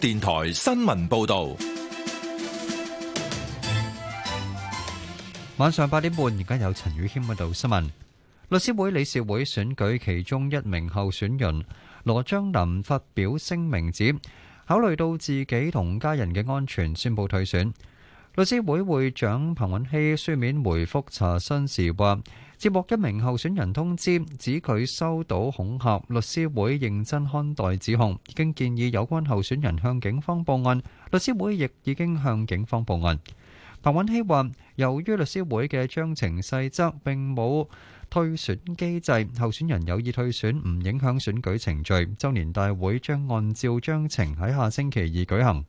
電台新聞報道，晚上八點半，而家有陳宇謙報道新聞。律師會理事會選舉其中一名候選人羅章林發表聲明指，指考慮到自己同家人嘅安全，宣布退選。律師會會長彭允熙書面回覆查詢時話。接獲一名候選人通知，指佢收到恐嚇，律師會認真看待指控，已經建議有關候選人向警方報案。律師會亦已經向警方報案。彭允希話：由於律師會嘅章程細則並冇退選機制，候選人有意退選唔影響選舉程序。周年大會將按照章程喺下星期二舉行。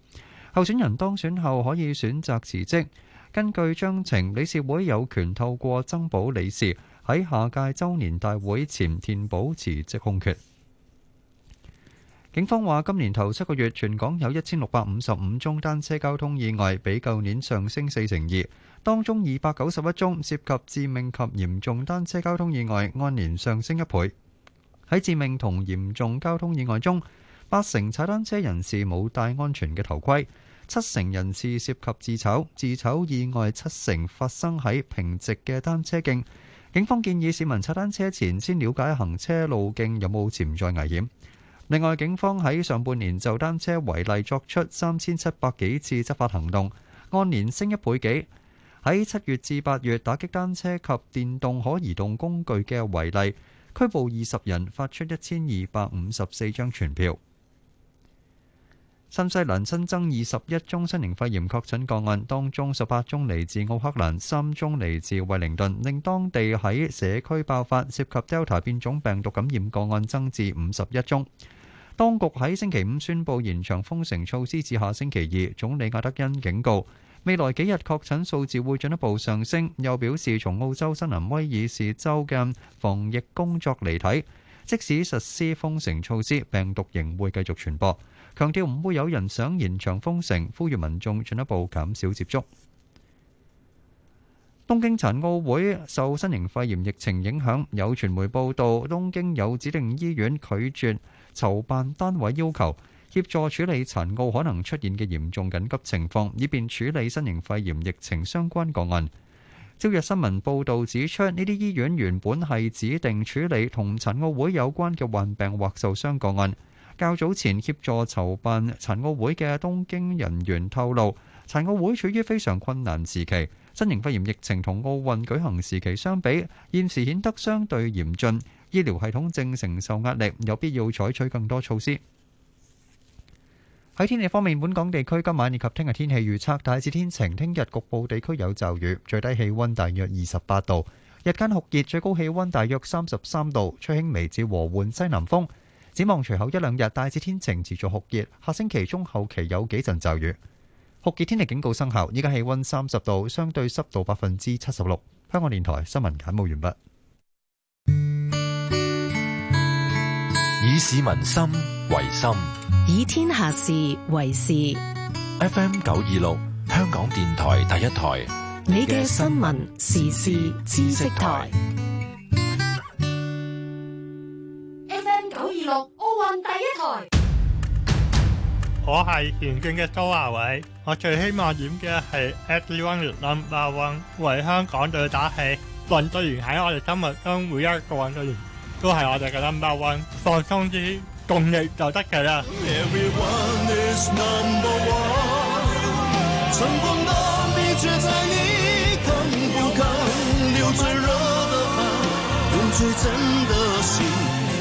候選人當選後可以選擇辭職。根據章程，理事會有權透過增補理事。喺下屆周年大會前，填補辭職空缺。警方話，今年頭七個月，全港有一千六百五十五宗單車交通意外，比舊年上升四成二。當中二百九十一宗涉及致命及嚴重單車交通意外，按年上升一倍。喺致命同嚴重交通意外中，八成踩單車人士冇戴安全嘅頭盔，七成人士涉及自炒，自炒意外七成發生喺平直嘅單車徑。警方建議市民踩單車前先了解行車路徑有冇潛在危險。另外，警方喺上半年就單車違例作出三千七百幾次執法行動，按年升一倍幾。喺七月至八月，打擊單車及電動可移動工具嘅違例，拘捕二十人，發出一千二百五十四張傳票。新西蘭新增二十一宗新型肺炎確診個案，當中十八宗嚟自奧克蘭，三宗嚟自惠靈頓，令當地喺社區爆發涉及 Delta 變種病毒感染個案，增至五十一宗。當局喺星期五宣布延長封城措施至下星期二。總理阿德恩警告，未來幾日確診數字會進一步上升。又表示，從澳洲新南威爾士州嘅防疫工作嚟睇，即使實施封城措施，病毒仍會繼續傳播。強調唔會有人想延長封城，呼籲民眾進一步減少接觸。東京殘奧會受新型肺炎疫情影響，有傳媒報道，東京有指定醫院拒絕籌辦單位要求協助處理殘奧可能出現嘅嚴重緊急情況，以便處理新型肺炎疫情相關個案。朝日新聞報道指出，呢啲醫院原本係指定處理同殘奧會有關嘅患病或受傷個案。較早前協助籌辦殘奧會嘅東京人員透露，殘奧會處於非常困難時期，新型肺炎疫情同奧運舉行，舉行時期相比，現時顯得相對嚴峻，醫療系統正承受壓力，有必要採取更多措施。喺天氣方面，本港地區今晚以及聽日天，天氣預測大致天晴，聽日局部地區有驟雨，最低氣溫大約二十八度，日間酷熱，最高氣溫大約三十三度，吹輕微至和緩西南風。希望隨後一兩日，大致天晴，持續酷熱。下星期中後期有幾陣驟雨。酷熱天氣警告生效，依家氣溫三十度，相對濕度百分之七十六。香港電台新聞簡報完畢。以市民心為心，以天下事為事。FM 九二六，香港電台第一台，你嘅新聞、時事、知識台。第一台，我係田徑嘅周華偉，我最希望演嘅係 Everyone Number One，為香港隊打氣。運動員喺我哋心目中每一個運動員都係我哋嘅 Number One，放鬆啲，共力就得㗎啦。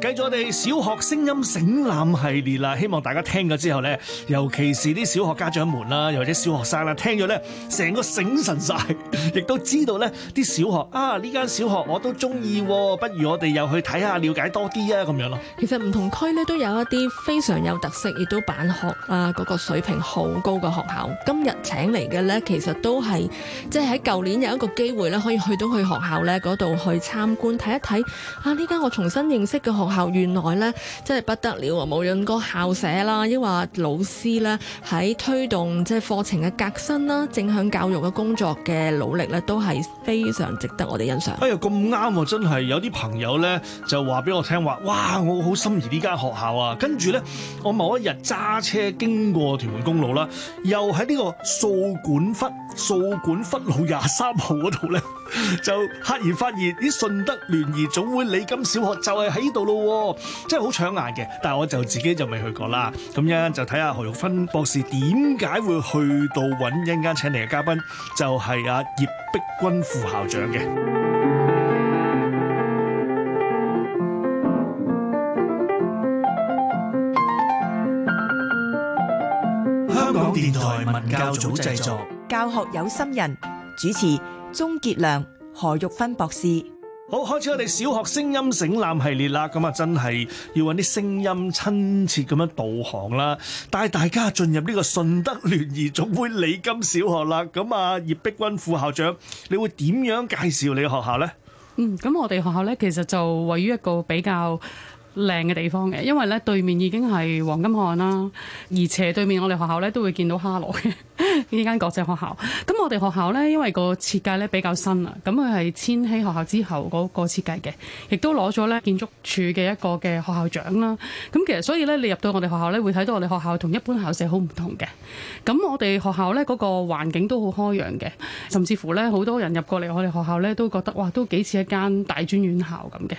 繼續我哋小學聲音省覽系列啦，希望大家聽咗之後呢，尤其是啲小學家長們啦，又或者小學生啦，聽咗呢，成個醒神晒，亦都知道呢啲小學啊呢間小學我都中意，不如我哋又去睇下，了解多啲啊，咁樣咯。其實唔同區呢，都有一啲非常有特色，亦都辦學啊嗰個水平好高嘅學校。今日請嚟嘅呢，其實都係即係喺舊年有一個機會呢，可以去到佢學校呢嗰度去參觀睇一睇啊！呢間我重新認識嘅學校校院內咧，真係不得了啊！無論個校舍啦，抑或老師咧，喺推動即係課程嘅革新啦，正向教育嘅工作嘅努力咧，都係非常值得我哋欣賞。哎呀，咁啱啊！真係有啲朋友咧，就話俾我聽話，哇，我好心儀呢間學校啊！跟住咧，我某一日揸車經過屯門公路啦，又喺呢個掃管笏掃管笏路廿三號嗰度咧，就赫然發現啲順德聯誼總會李金小學就係喺度咯。真係好搶眼嘅，但係我就自己就未去過啦。咁樣就睇下何玉芬博士點解會去到揾一間請嚟嘅嘉賓，就係阿葉碧君副校長嘅。香港電台文教組製作，教學有心人主持，鍾傑良、何玉芬博士。好，開始我哋小學聲音省覽系列啦，咁啊，真係要揾啲聲音親切咁樣導航啦，帶大家進入呢個順德聯誼總會李金小學啦。咁啊，葉碧君副校長，你會點樣介紹你嘅學校呢？嗯，咁我哋學校呢，其實就位於一個比較靚嘅地方嘅，因為呢，對面已經係黃金岸啦，而且對面我哋學校呢，都會見到哈羅嘅。呢 間國際學校，咁我哋學校呢，因為個設計呢，比較新啊，咁佢係千禧學校之後嗰個設計嘅，亦都攞咗呢建築署嘅一個嘅學校獎啦。咁其實所以呢，你入到我哋學校呢，會睇到我哋學校同一般校舍好唔同嘅。咁我哋學校呢，嗰個環境都好開揚嘅，甚至乎呢，好多人入過嚟我哋學校呢，都覺得，哇，都幾似一間大專院校咁嘅。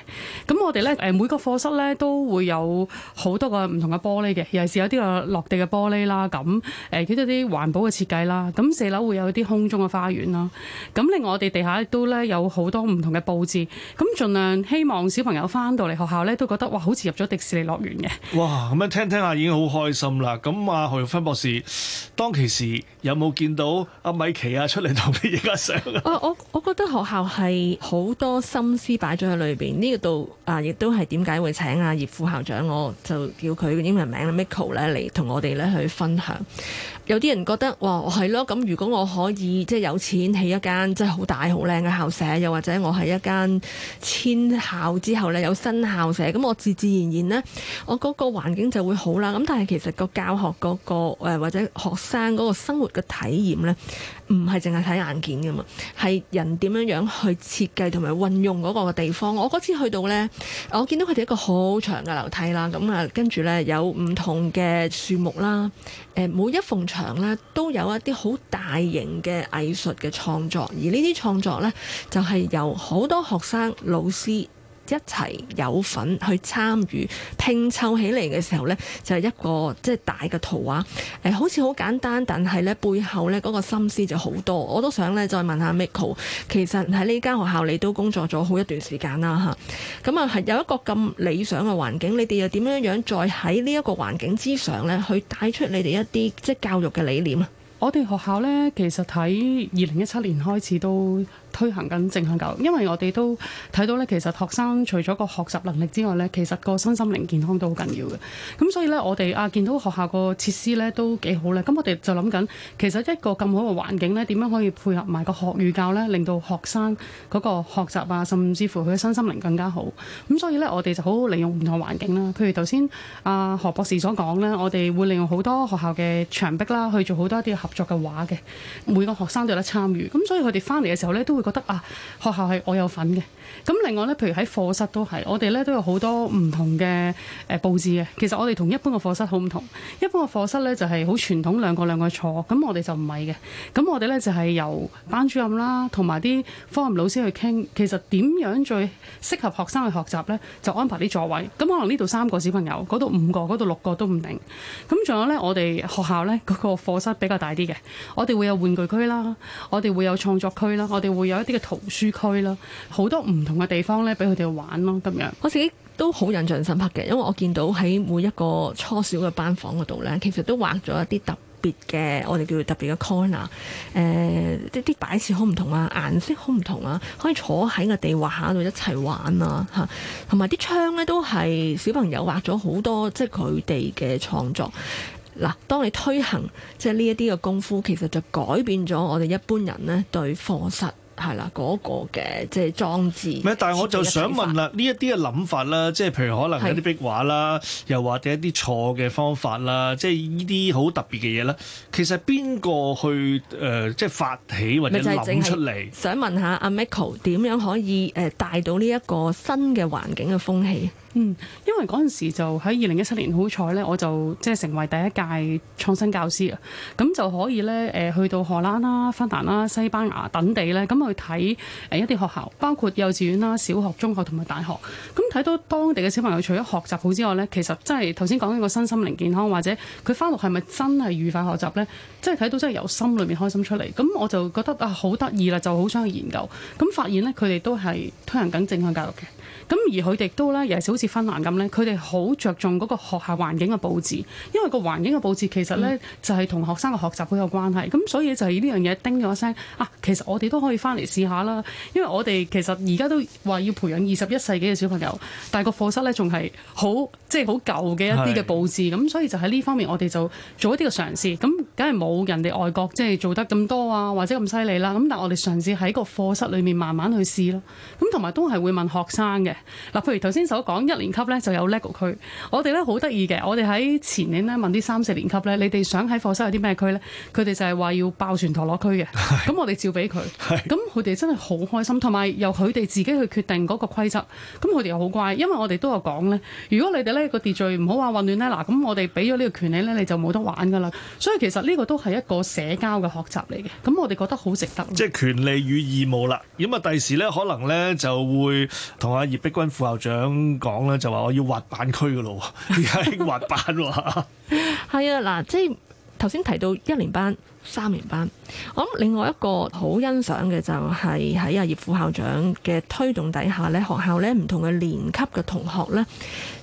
咁我哋呢，誒，每個課室呢，都會有好多個唔同嘅玻璃嘅，尤其是有啲個落地嘅玻璃啦。咁誒，其實啲環保嘅。設計啦，咁四樓會有啲空中嘅花園啦，咁令我哋地下都咧有好多唔同嘅布置，咁盡量希望小朋友翻到嚟學校咧都覺得哇，好似入咗迪士尼樂園嘅。哇，咁樣聽聽下已經好開心啦。咁阿何玉芬博士當其時有冇見到阿米奇啊出嚟同你影下相啊？我我我覺得學校係好多心思擺咗喺裏邊呢個度啊，亦都係點解會請阿葉副校長，我就叫佢嘅英文名 Michael 咧嚟同我哋咧去分享。有啲人覺得。哇，係咯，咁如果我可以即係有錢起一間即係好大好靚嘅校舍，又或者我係一間遷校之後呢，有新校舍，咁我自自然然呢，我嗰個環境就會好啦。咁但係其實個教學嗰個誒或者學生嗰個生活嘅體驗呢。唔係淨係睇硬件噶嘛，係人點樣樣去設計同埋運用嗰個地方。我嗰次去到呢，我見到佢哋一個好長嘅樓梯啦，咁啊，跟住呢，有唔同嘅樹木啦，每一埲牆呢，都有一啲好大型嘅藝術嘅創作，而呢啲創作呢，就係由好多學生老師，一齊有份去參與拼湊起嚟嘅時候呢，就係一個即係大嘅圖畫。誒，好似好簡單，但係呢，背後呢嗰個心思就好多。我都想呢，再問下 Miko，其實喺呢間學校你都工作咗好一段時間啦嚇。咁啊係有一個咁理想嘅環境，你哋又點樣樣再喺呢一個環境之上呢，去帶出你哋一啲即係教育嘅理念啊？我哋學校呢，其實喺二零一七年開始都推行緊正向教育，因為我哋都睇到咧，其實學生除咗個學習能力之外咧，其實個身心靈健康都好緊要嘅。咁所以咧，我哋啊見到學校個設施咧都幾好咧。咁我哋就諗緊，其實一個咁好嘅環境咧，點樣可以配合埋個學與教咧，令到學生嗰個學習啊，甚至乎佢嘅身心靈更加好。咁所以咧，我哋就好好利用唔同環境啦。譬如頭先啊何博士所講咧，我哋會利用好多學校嘅牆壁啦，去做好多一啲合作嘅畫嘅，每個學生都有得參與。咁所以佢哋翻嚟嘅時候咧，都會。覺得啊，學校係我有份嘅。咁另外咧，譬如喺課室都係，我哋咧都有好多唔同嘅，誒、呃、布置嘅。其實我哋同一般嘅課室好唔同，一般嘅課室咧就係好傳統兩個兩個坐，咁我哋就唔係嘅。咁我哋咧就係、是、由班主任啦，同埋啲科任老師去傾，其實點樣最適合學生去學習咧，就安排啲座位。咁可能呢度三個小朋友，嗰度五個，嗰度六個都唔定。咁仲有咧，我哋學校咧、嗰個課室比較大啲嘅，我哋會有玩具區啦，我哋會有創作區啦，我哋會有一啲嘅圖書區啦，好多唔同。同嘅地方咧，俾佢哋玩咯，咁樣。我自己都好印象深刻嘅，因為我見到喺每一個初小嘅班房嗰度咧，其實都畫咗一啲特別嘅，我哋叫做特別嘅 corner，呃，啲啲擺設好唔同啊，顏色好唔同啊，可以坐喺個地畫下度一齊玩啊，吓。同埋啲窗咧都係小朋友畫咗好多，即係佢哋嘅創作。嗱，當你推行即係呢一啲嘅功夫，其實就改變咗我哋一般人咧對課室。係啦，嗰、嗰個嘅即係裝置。咩？但係我就想問啦，呢一啲嘅諗法啦，即係譬如可能一啲壁畫啦，又或者一啲錯嘅方法啦，即係呢啲好特別嘅嘢啦，其實邊個去、呃、即係發起或者諗出嚟？就係、係想問下阿 Michael 點樣可以呃、帶到呢一個新嘅環境嘅風氣？嗯，因為嗰陣時就喺二零一七年，好彩呢，我就即係成為第一屆創新教師啊，咁就可以呢，去到荷蘭啦、芬蘭啦、西班牙等地呢，咁去睇一啲學校，包括幼稚園啦、小學、中學同埋大學，咁睇到當地嘅小朋友除咗學習好之外呢，其實真係頭先講呢個身心靈健康，或者佢翻學係咪真係愉快學習呢？即係睇到真係由心裏面開心出嚟，咁我就覺得啊好得意啦，就好想去研究，咁發現呢，佢哋都係推行緊正向教育嘅。咁而佢哋都咧，又係好似芬蘭咁咧，佢哋好着重嗰個學校環境嘅佈置，因為個環境嘅佈置其實咧就係同學生嘅學習都有關係。咁、嗯、所以就係呢樣嘢叮咗聲啊，其實我哋都可以翻嚟試下啦。因為我哋其實而家都話要培養二十一世紀嘅小朋友，但係個課室咧仲係好即係好舊嘅一啲嘅佈置，咁所以就喺呢方面我哋就做一啲嘅嘗試。咁梗係冇人哋外國即係、就是、做得咁多啊，或者咁犀利啦。咁但係我哋嘗試喺個課室裏面慢慢去試咯。咁同埋都係會問學生嘅。嗱，譬如頭先所講，一年級咧就有 lego 區。我哋咧好得意嘅，我哋喺前年咧問啲三四年級咧，你哋想喺課室有啲咩區咧？佢哋就係話要爆旋陀螺區嘅，咁我哋照俾佢，咁佢哋真係好開心，同埋由佢哋自己去決定嗰個規則，咁佢哋又好乖，因為我哋都有講咧，如果你哋咧個秩序唔好話混亂咧，嗱，咁我哋俾咗呢個權利咧，你就冇得玩噶啦，所以其實呢個都係一個社交嘅學習嚟嘅，咁我哋覺得好值得。即係權利與義務啦，咁啊，第時咧可能咧就會同阿葉君副校長講咧，就話我要滑板區噶咯，而家滑板喎，係 啊嗱，即係頭先提到一年班。三年班，我諗另外一個好欣賞嘅就係喺阿葉副校長嘅推動底下呢，學校呢唔同嘅年級嘅同學呢，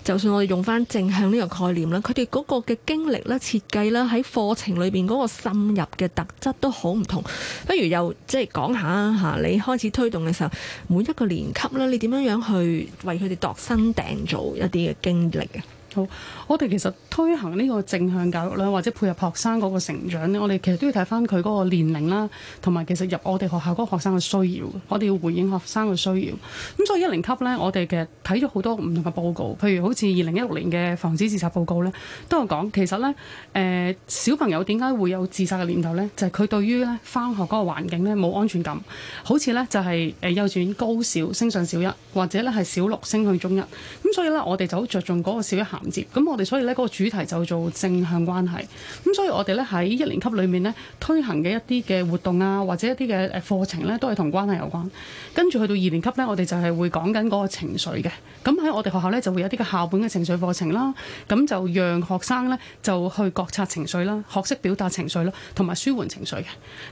就算我哋用翻正向呢個概念咧，佢哋嗰個嘅經歷咧、設計啦，喺課程裏邊嗰個滲入嘅特質都好唔同。不如又即係講下吓，你開始推動嘅時候，每一個年級呢，你點樣樣去為佢哋度身訂造一啲嘅經歷？好，我哋其實推行呢個正向教育啦，或者配合學生嗰個成長咧，我哋其實都要睇返佢嗰個年齡啦，同埋其實入我哋學校嗰個學生嘅需要，我哋要回應學生嘅需要。咁所以一零級咧，我哋其實睇咗好多唔同嘅報告，譬如好似二零一六年嘅防止自殺報告咧，都有講其實咧，小朋友點解會有自殺嘅念頭咧？就係、是、佢對於咧返學嗰個環境咧冇安全感，好似咧就係誒幼稚園高小升上小一，或者咧係小六升去中一，咁所以咧我哋就好着重嗰個小一咁我哋所以呢嗰個主題就做正向關係，咁所以我哋咧喺一年級裏面咧推行嘅一啲嘅活動啊，或者一啲嘅誒課程呢，都係同關係有關。跟住去到二年級呢，我哋就係會講緊嗰個情緒嘅。咁喺我哋學校呢，就會有啲嘅校本嘅情緒課程啦，咁就讓學生呢，就去覺察情緒啦，學識表達情緒啦，同埋舒緩情緒嘅。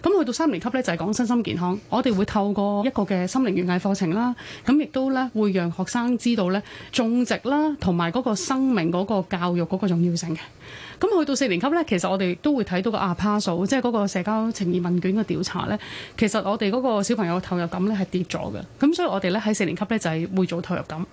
咁去到三年級呢，就係、是、講身心健康，我哋會透過一個嘅心靈園藝課程啦，咁亦都呢，會讓學生知道呢，種植啦，同埋嗰個生命。明、那、嗰個教育嗰個重要性嘅，咁去到四年級咧，其實我哋都會睇到個 APASO，即係嗰個社交情意問卷嘅調查咧。其實我哋嗰個小朋友嘅投入感咧係跌咗嘅，咁所以我哋咧喺四年級咧就係會做投入感，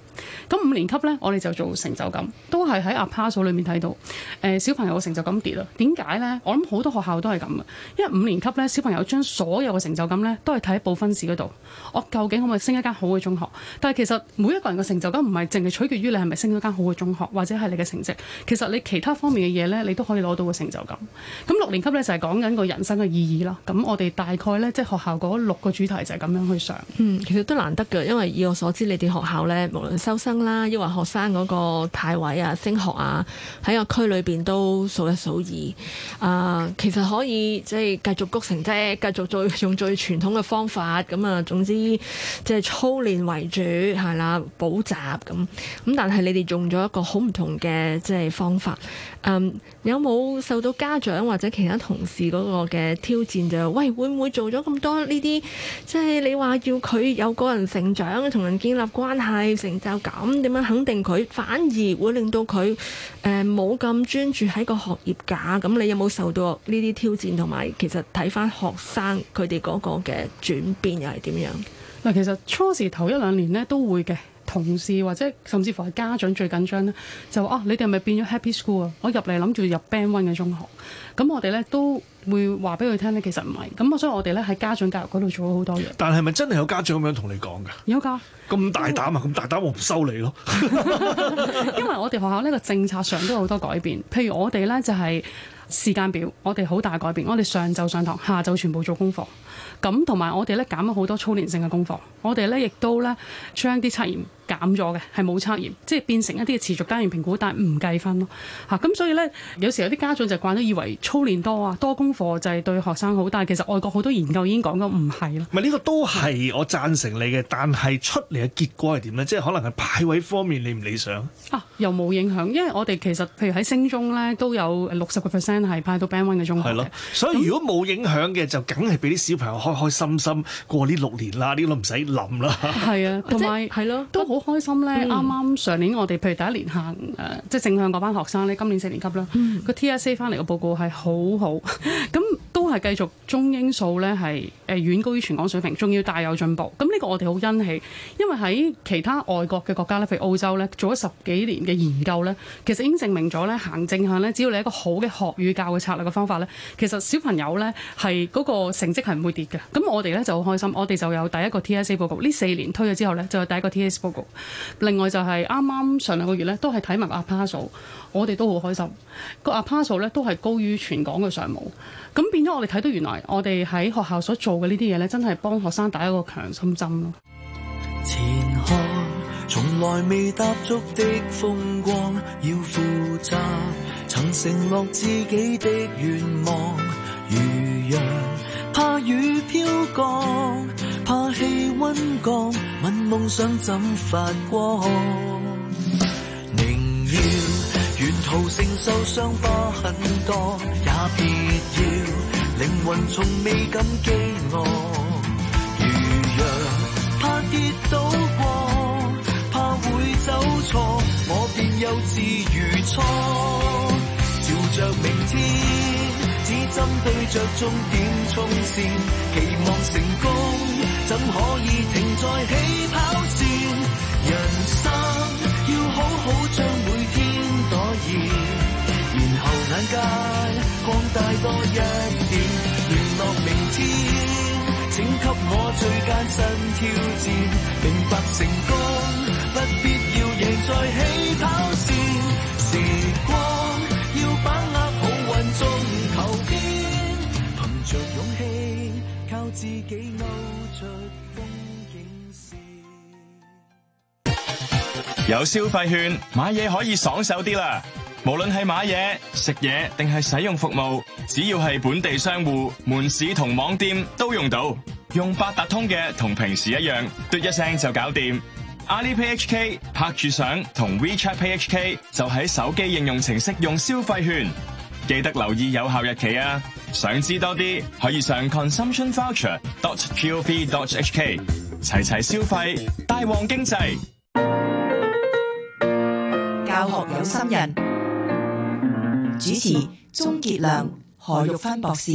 咁五年級咧我哋就做成就感，都係喺 APASO 裏面睇到，誒、欸、小朋友嘅成就感跌啦。點解咧？我諗好多學校都係咁嘅，因為五年級咧小朋友將所有嘅成就感咧都係睇喺呈分試嗰度，我究竟可唔可以升一間好嘅中學？但係其實每一個人嘅成就感唔係淨係取決於你係咪升一間好嘅中學，或者即、就、係、是、你嘅成績，其實你其他方面嘅嘢咧，你都可以攞到個成就感。咁六年級咧就係講緊個人生嘅意義啦。咁我哋大概咧即係學校嗰六個主題就係咁樣去上。嗯，其實都難得嘅，因為以我所知，你哋學校咧，無論收生啦，抑或學生嗰個派位啊、升學啊，喺個區裏邊都數一數二。啊、呃，其實可以即係繼續谷成績，繼續再用最傳統嘅方法。咁、嗯、啊，總之即係操練為主係啦，補習咁。咁、嗯、但係你哋用咗一個好唔同。同嘅，即係方法，嗯，有冇受到家長或者其他同事嗰個嘅挑戰就係，喂，會唔會做咗咁多呢啲，即係你話要佢有個人成長同人建立關係成就感點樣肯定佢，反而會令到佢誒冇咁專注喺個學業㗎，咁你有冇受到呢啲挑戰同埋其實睇翻學生佢哋嗰個嘅轉變又係點樣嗱，其實初時頭一兩年咧都會嘅。同事或者甚至乎係家長最緊張咧，就話啊你哋係咪變咗 Happy School 啊？我入嚟諗住入 Band One 嘅中學，咁我哋咧都會話俾佢聽咧，其實唔係。咁所以我哋咧喺家長教育嗰度做咗好多嘢。但係咪真係有家長咁樣同你講㗎？有噶。咁大膽啊！咁大膽我唔收你咯。 因為我哋學校呢個政策上都有好多改變，譬如我哋咧就係時間表，我哋好大改變。我哋上晝上堂，下晝全部做功課。咁同埋我哋咧減咗好多操練性嘅功課。我哋咧亦都咧將啲測驗。減咗嘅係冇測驗，即係變成一啲持續單元評估，但係唔計分咯。吓、啊、咁，所以咧，有時候有啲家長就慣咗以為操練多啊，多功課就係對學生好，但係其實外國好多研究已經講咗唔係咯。咪呢、這個都係我贊成你嘅，但係出嚟嘅結果係點咧？即係可能係派位方面你唔理，理想啊？又冇影響，因為我哋其實譬如喺升中咧都有六十個 percent 係派到 Band One 嘅中學。係咯、啊，所以如果冇影響嘅就梗係俾啲小朋友開開心心過呢六年啦，呢、這、啲、個、都唔使諗啦。係啊，同埋係咯，都好。開心咧！啱啱上年我哋譬如第一年行誒，即係正向嗰班學生咧，今年四年級啦，個 TSA 翻嚟個報告係好好咁。嗯 都係繼續中英數咧係誒遠高於全港水平，仲要大有進步。咁呢個我哋好欣喜，因為喺其他外國嘅國家咧，譬如澳洲咧，做咗十幾年嘅研究咧，其實已經證明咗咧，行政下咧，只要你一個好嘅學與教嘅策略嘅方法咧，其實小朋友咧係嗰個成績係唔會跌嘅。咁我哋咧就好開心，我哋就有第一個 TSA 報告，呢四年推咗之後咧，就有第一個 TSA 報告。另外就係啱啱上兩個月咧，都係睇埋 APASO。我哋都好開心，這個 APASO 咧都係高於全港嘅常模，咁變咗我哋睇到原來我哋喺學校所做嘅呢啲嘢咧，真係幫學生打一個強心針咯。前無性受傷疤很多，也別要。靈魂從未感飢餓。如若怕跌倒過，怕會走錯，我便幼稚如初。朝着明天，只針對着終點衝線，期望成功，怎可以停在起跑線？人生要好好將每天。多意，然後眼界光大多一點，聯絡明天，請給我最艱辛挑戰，明白成功不必要贏在起跑線。有消費券買嘢可以爽手啲啦，無論係買嘢、食嘢定係使用服務，只要係本地商戶、門市同網店都用到。用八達通嘅同平時一樣，嘟一聲就搞掂。Alipay HK 拍住相同 WeChat pay HK 就喺手機應用程式用消費券，記得留意有效日期啊！想知多啲可以上 consumptionvoucher.gov.hk，齊齊消費，大旺經濟。教學有心人，主持鍾杰良何玉芬博士，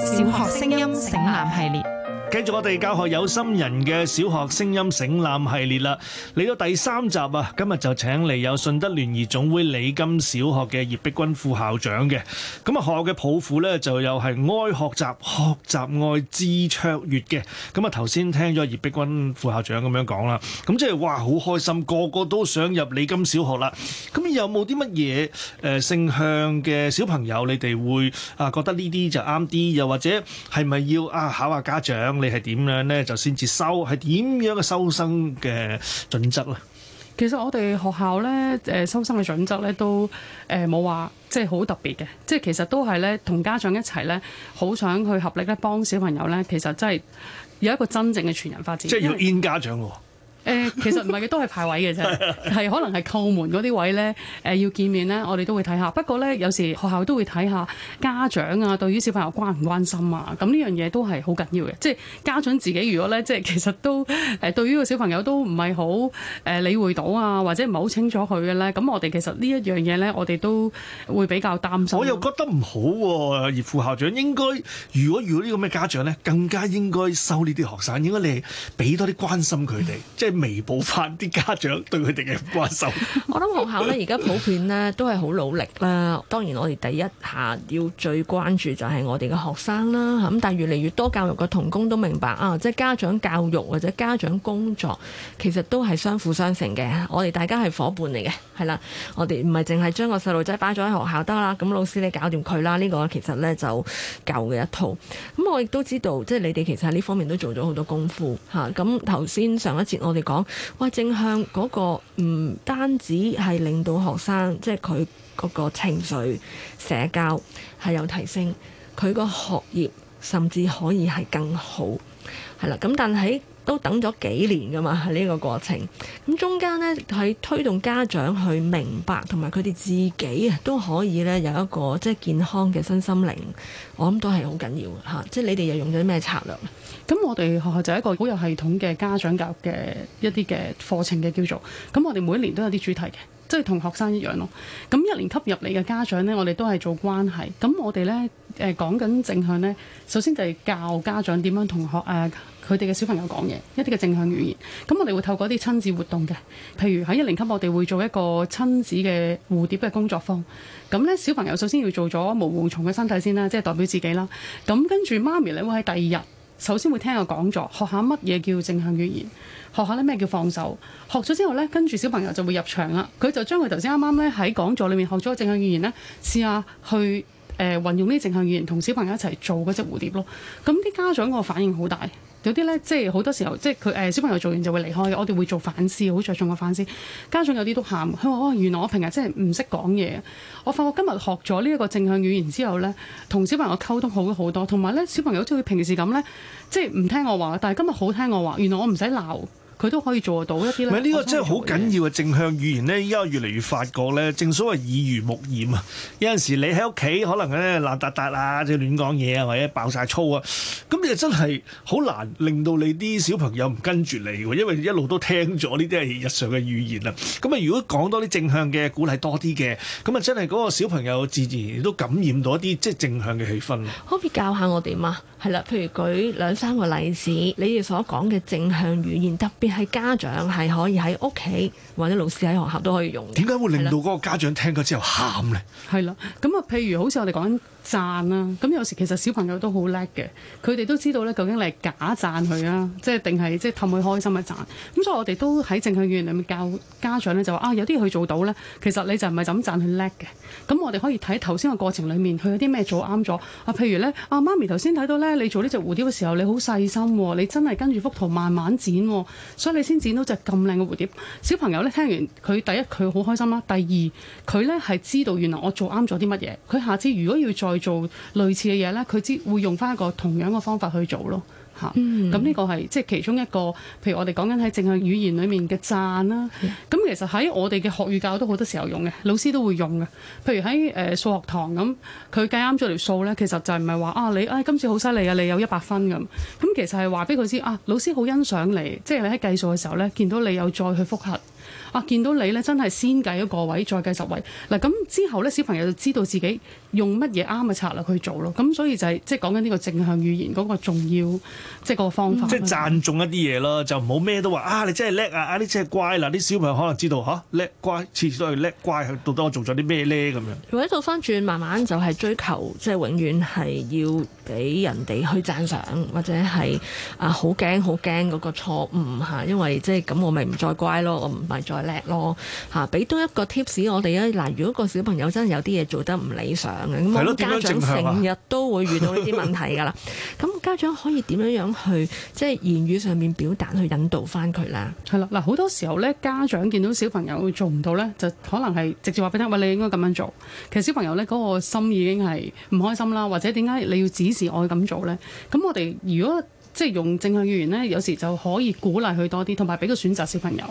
小學聲音省覽系列。繼續我哋教學有心人嘅小學聲音省覽系列啦，嚟到第三集啊，今日就請嚟有順德聯誼總會李金小學嘅葉碧君副校長嘅，咁啊學校嘅抱負咧就又係愛學習、學習愛知卓越嘅，咁啊頭先聽咗葉碧君副校長咁樣講啦，咁即係哇好開心，個個都想入李金小學啦，咁有冇啲乜嘢誒性向嘅小朋友你哋會啊覺得呢啲就啱啲，又或者係咪要啊考下家長？你係點樣咧就先至收？係點樣嘅收生嘅準則咧？其實我哋學校咧，誒，收生嘅準則咧都誒冇話即係好特別嘅，即係其實都係咧同家長一齊咧，好想去合力咧幫小朋友咧，其實真係有一個真正嘅全人發展。即係要 in 家長喎。誒 其實唔係嘅，都係排位嘅啫，係 可能係叩門嗰啲位咧，誒、呃、要見面咧，我哋都會睇下。不過咧，有時學校都會睇下家長啊，對於小朋友關唔關心啊，咁呢樣嘢都係好緊要嘅。即係家長自己如果咧，即係其實都誒、呃、對於個小朋友都唔係好誒理會到啊，或者唔係好清楚佢嘅咧，咁我哋其實這一呢一樣嘢咧，我哋都會比較擔心啊。我又覺得唔好喎，啊，葉副校長應該，如果遇到呢咁嘅家長咧，更加應該收呢啲學生，應該你俾多啲關心佢哋，即係。彌補翻啲家長對佢哋嘅關心。我諗學校呢，而家普遍呢都係好努力啦。當然我哋第一下要最關注就係我哋嘅學生啦。咁但係越嚟越多教育嘅同工都明白啊，即係家長教育或者家長工作其實都係相輔相成嘅。我哋大家係伙伴嚟嘅，係啦。我哋唔係淨係將個細路仔擺咗喺學校得啦。咁老師你搞掂佢啦，呢個其實呢就舊嘅一套。咁我亦都知道，即係你哋其實喺呢方面都做咗好多功夫嚇。咁頭先上一節我哋。講話正向嗰個唔單止係令到學生，即係佢嗰個情緒社交係有提升，佢個學業甚至可以係更好，係啦。咁但係都等咗幾年噶嘛，呢個過程。咁中間呢係推動家長去明白，同埋佢哋自己啊都可以呢有一個即係健康嘅身心靈。我諗都係好緊要嘅、啊、即係你哋又用咗啲咩策略？咁我哋學校就係一個好有系統嘅家長教育嘅一啲嘅課程嘅叫做。咁我哋每年都有啲主題嘅，即係同學生一樣咯。咁一年級入嚟嘅家長呢，我哋都係做關係。咁我哋呢誒講緊正向呢，首先就係教家長點樣同學誒。呃佢哋嘅小朋友講嘢一啲嘅正向語言，咁我哋會透過啲親子活動嘅，譬如喺一年級，我哋會做一個親子嘅蝴蝶嘅工作坊。咁呢小朋友首先要做咗毛毛蟲嘅身體先啦，即係代表自己啦。咁跟住媽咪你會喺第二日首先會聽個講座，學下乜嘢叫正向語言，學下咧咩叫放手。學咗之後呢，跟住小朋友就會入場啦。佢就將佢頭先啱啱呢喺講座裏面學咗個正向語言呢，試下去誒、呃、運用呢正向語言同小朋友一齊做嗰隻蝴蝶咯。咁啲家長個反應好大。有啲咧，即係好多時候，即係佢誒小朋友做完就會離開嘅。我哋會做反思，好着重個反思。家長有啲都喊，佢話：哇，原來我平日真係唔識講嘢，我發覺今日學咗呢一個正向語言之後咧，同小朋友溝通好咗好多。同埋咧，小朋友好似佢平時咁咧，即係唔聽我話，但係今日好聽我話。原來我唔使鬧。佢都可以做得到一啲咧。唔係呢個真係好緊要嘅正向語言咧，依家越嚟越發覺咧，正所謂耳濡目染啊！有陣時你喺屋企可能係爛達達啊，即係亂講嘢啊，或者爆曬粗啊，咁你就真係好難令到你啲小朋友唔跟住你喎，因為一路都聽咗呢啲係日常嘅語言啦。咁啊，如果講多啲正向嘅鼓勵多啲嘅，咁啊真係嗰個小朋友自然都感染到一啲即係正向嘅氣氛。可唔可以教下我點呀？係啦，譬如舉兩三個例子，你哋所講嘅正向語言特別。係家長係可以喺屋企或者老師喺學校都可以用的。點解會令到嗰個家長聽咗之後喊咧？係啦，咁啊，譬如好似我哋講緊讚啦，咁有時其實小朋友都好叻嘅，佢哋都知道咧，究竟你係假讚佢啊，即係定係即係氹佢開心嘅讚。咁所以我哋都喺正向語言裡面教家長咧，就話啊，有啲佢做到咧，其實你就唔係咁讚佢叻嘅。咁我哋可以睇頭先個過程裡面，佢有啲咩做啱咗啊？譬如咧，啊媽咪頭先睇到咧，你做呢隻蝴蝶嘅時候，你好細心喎，你真係跟住幅圖慢慢剪喎。所以你先剪到隻咁靚嘅蝴蝶。小朋友咧，聽完佢，第一佢好開心啦，第二佢咧，係知道原來我做啱咗啲乜嘢，佢下次如果要再做類似嘅嘢咧，佢知會用返一個同樣嘅方法去做咯。嚇、嗯，咁呢個係即係其中一個，譬如我哋講緊喺正向語言裏面嘅讚啦。咁其實喺我哋嘅學與教都好多時候用嘅，老師都會用嘅。譬如喺、呃、數學堂咁，佢計啱咗條數咧，其實就係唔係話啊你啊今次好犀利啊，你、哎、你有一百分咁。咁其實係話俾佢知啊，老師好欣賞你，即係你喺計數嘅時候咧，見到你有再去複核。哇、啊！見到你咧，真係先計一個位，再計十位。嗱，咁之後咧，小朋友就知道自己用乜嘢啱嘅策略去做咯。咁所以就係即係講緊呢個正向語言嗰個重要，即係個方法。即係讚頌一啲嘢咯，就唔好咩都話啊！你真係叻啊！啊你真係乖嗱，啲小朋友可能知道嚇叻乖，次次都係叻乖，佢到底我做咗啲咩咧咁樣？佢喺度翻轉，慢慢就係追求，即係永遠係要俾人哋去讚賞，或者係啊好驚好驚嗰個錯誤嚇，因為即係咁我咪唔再乖咯，我唔～再叻咯，吓！俾多一個 tips 我哋咧，嗱，如果個小朋友真係有啲嘢做得唔理想嘅，咁家長成日都會遇到呢啲問題㗎啦。咁、啊、 家長可以點樣樣去即係言語上面表達，去引導返佢咧？係啦，嗱，好多時候咧，家長見到小朋友做唔到咧，就可能係直接話俾佢聽，喂，你應該咁樣做。其實小朋友咧，嗰個心已經係唔開心啦，或者點解你要指示我咁做咧？咁我哋如果即係用正向語言呢，有時就可以鼓勵佢多啲，同埋俾佢選擇小朋友。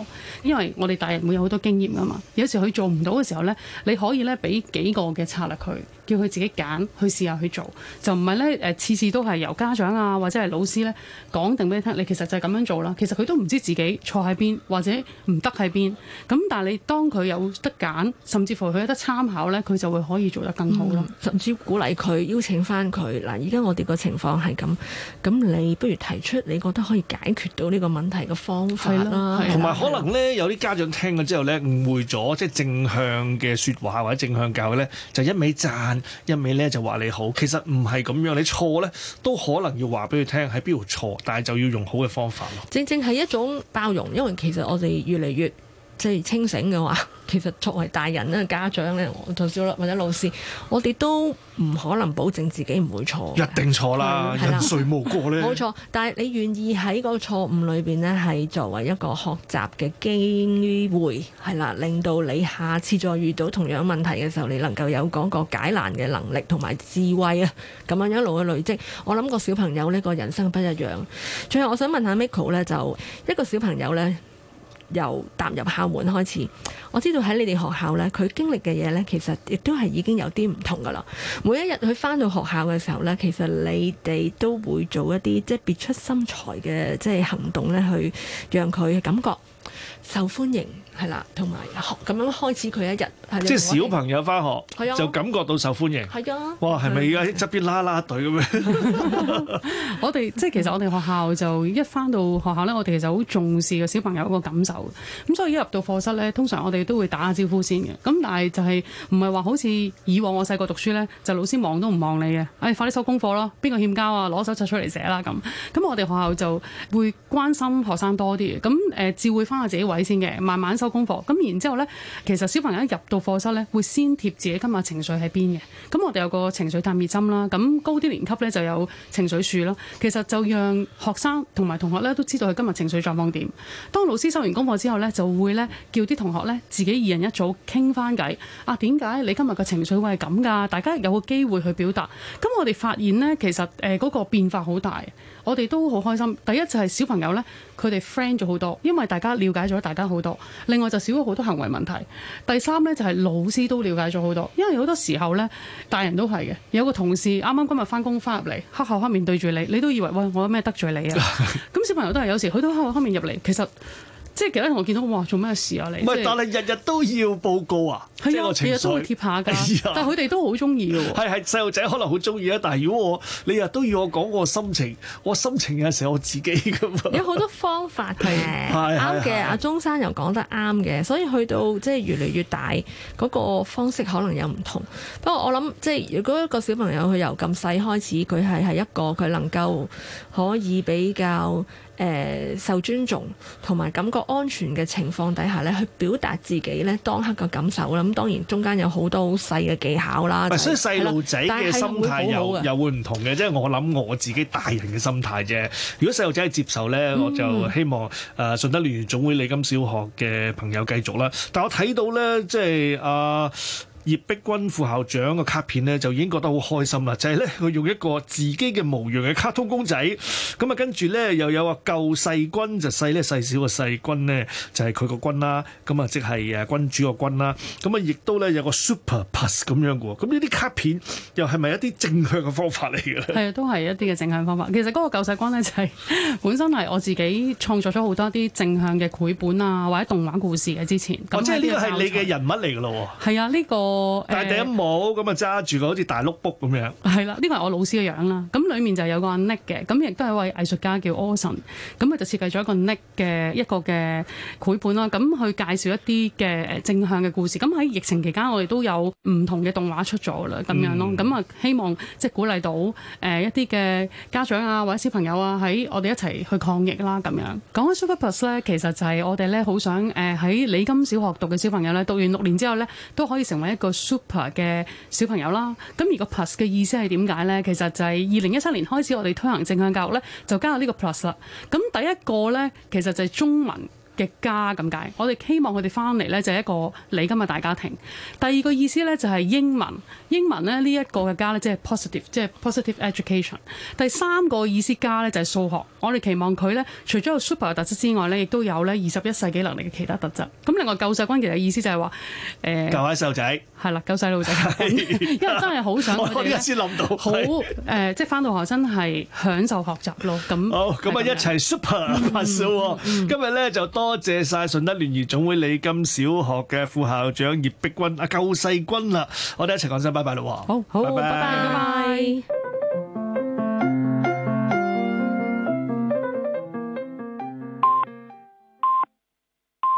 因為我哋大人會有好多經驗㗎嘛。有時佢做唔到嘅時候呢，你可以呢俾幾個嘅策略佢，叫佢自己揀去試下去做，就唔係呢次次都係由家長啊或者係老師呢講定俾你聽。你其實就係咁樣做啦。其實佢都唔知自己錯喺邊或者唔得喺邊。咁但係你當佢有得揀，甚至乎佢有得參考呢，佢就會可以做得更好咯、嗯。甚至鼓勵佢，邀請翻佢嗱。而家我哋個情況係咁，咁你不如。提出你覺得可以解決到呢個問題嘅方法啦，同埋可能呢，有啲家長聽咗之後呢，誤會咗，即係正向嘅説話或者正向教呢，就一味讚，一味呢就話你好。其實唔係咁樣，你錯呢都可能要話俾佢聽喺邊度錯，但係就要用好嘅方法咯。正正係一種包容，因為其實我哋越嚟越。即係清醒嘅話，其實作為大人咧、家長咧、我、教師或者老師，我哋都唔可能保證自己唔會錯，一定錯啦，嗯、了人誰無過呢？冇錯，但係你願意喺個錯誤裏邊呢，係作為一個學習嘅機會，係啦，令到你下次再遇到同樣問題嘅時候，你能夠有嗰個解難嘅能力同埋智慧啊，咁樣一路去累積。我諗個小朋友呢個人生不一樣。最後，我想問下 Michael 呢，就一個小朋友呢。由踏入校門開始，我知道喺你哋學校呢，佢經歷嘅嘢呢，其實亦都係已經有啲唔同㗎喇。每一日佢返到學校嘅時候呢，其實你哋都會做一啲即係別出心裁嘅即係行動呢，去讓佢嘅感覺受歡迎。係啦，同埋學咁樣開始佢一日，即係小朋友翻學，就感覺到受歡迎。係啊！哇，係咪而家側邊拉拉隊咁樣？ 我哋即係其實我哋學校就一翻到學校呢，我哋其實好重視個小朋友一個感受。咁所以一入到課室呢，通常我哋都會打下招呼先嘅。咁但係就係唔係話好似以往我細個讀書呢，就老師望都唔望你嘅、哎？快啲收功課咯，邊個欠交啊？攞手冊出嚟寫啦咁。咁我哋學校就會關心學生多啲嘅。咁誒，照、呃、會翻下自己位先嘅，慢慢收，功課咁，然之後呢，其實小朋友一入到課室呢，會先貼自己今日情緒喺邊嘅。咁、嗯、我哋有個情緒探熱針啦，咁、嗯、高啲年級呢就有情緒樹啦。其實就讓學生同埋同學呢都知道佢今日情緒狀況點。當老師收完功課之後呢，就會呢叫啲同學呢自己二人一組傾翻偈。啊，點解你今日嘅情緒會係咁噶？大家有個機會去表達。咁、嗯、我哋發現呢，其實誒嗰、呃那個變化好大。我哋都好開心。第一就係小朋友呢，佢哋 friend 咗好多，因為大家了解咗大家好多。另外就少咗好多行為問題。第三呢，就係老師都了解咗好多，因為好多時候呢，大人都係嘅。有個同事啱啱今日翻工翻入嚟，黑口黑面對住你，你都以為喂，我有咩得罪你啊？咁 小朋友都係有時去到黑口黑面入嚟，其實。即係其他同學見到，哇！做咩事啊你？唔係，但係日日都要報告啊！係啊，日日都會貼下㗎、哎。但係佢哋都好中意係係係係，細路仔可能好中意啊。但係如果我你日都要我講我心情，我心情有成我自己咁嘛。有好多方法嘅，啱嘅。阿中山又講得啱嘅，所以去到即係越嚟越大嗰、那個方式可能又唔同。不過我諗即係如果一個小朋友佢由咁細開始，佢係係一個佢能夠可以比較。誒受尊重同埋感覺安全嘅情況底下咧，去表達自己咧當刻嘅感受啦。咁當然中間有好多好細嘅技巧啦。所以細路仔嘅心態又又會唔同嘅，即係我諗我自己大人嘅心態啫。如果細路仔係接受咧，我就希望誒順德聯總會李金小學嘅朋友繼續啦。但我睇到咧，即係阿。呃葉碧君副校長嘅卡片咧，就已經覺得好開心啦！就係咧，佢用一個自己嘅模樣嘅卡通公仔，咁啊，跟住咧又有個舊細君，就細咧細小嘅細君咧，就係佢個君啦。咁啊，即係誒君主個君啦。咁啊，亦都咧有一個 super pass 咁樣嘅喎。咁呢啲卡片又係咪一啲正向嘅方法嚟嘅咧？係啊，都係一啲嘅正向方法。其實嗰個舊細君咧就係、是、本身係我自己創作咗好多啲正向嘅繪本啊，或者動畫故事嘅之前。咁即係呢個係你嘅人物嚟㗎咯喎。係啊，呢個。戴頂帽咁啊，揸住個好似大碌卜咁樣。係啦，呢個係我老師嘅樣啦。咁裡面就係有個 Nick 嘅，咁亦都係一位藝術家叫 Osen，咁佢就設計咗一個 Nick 嘅一個嘅繪本啦。咁去介紹一啲嘅誒正向嘅故事。咁喺疫情期間，我哋都有唔同嘅動畫出咗啦，咁樣咯。咁啊，希望即係鼓勵到誒一啲嘅家長啊，或者小朋友啊，喺我哋一齊去抗疫啦。咁樣講開 Super Plus 咧，其實就係我哋咧好想誒喺李金小學讀嘅小朋友咧，讀完六年之後咧都可以成為一個一個 super 嘅小朋友啦，咁而個 plus 嘅意思係點解咧？其實就係二零一三年開始，我哋推行正向教育咧，就加入呢個 plus 啦。咁第一個咧，其實就係中文。嘅家咁解，我哋希望佢哋翻嚟咧就係一個李金嘅大家庭。第二個意思咧，就係英文，英文咧呢一個嘅家咧，即係 positive，即係 positive education。第三個意思家咧，就係數學，我哋期望佢咧除咗有 super 嘅特質之外咧，亦都有咧二十一世紀能力嘅其他特質。咁另外救世軍其實意思就係話，誒救啲細路仔係啦，救細路仔， 因為真係好想我啲先諗到好誒，即係翻到學真係 享受學習咯。咁、oh，好，咁啊一齊 super 今日咧就多。多謝晒順德聯誼總會李金小學嘅副校長葉碧君啊，救世君啦，我哋一齊講聲拜拜啦，好好，拜拜，拜拜。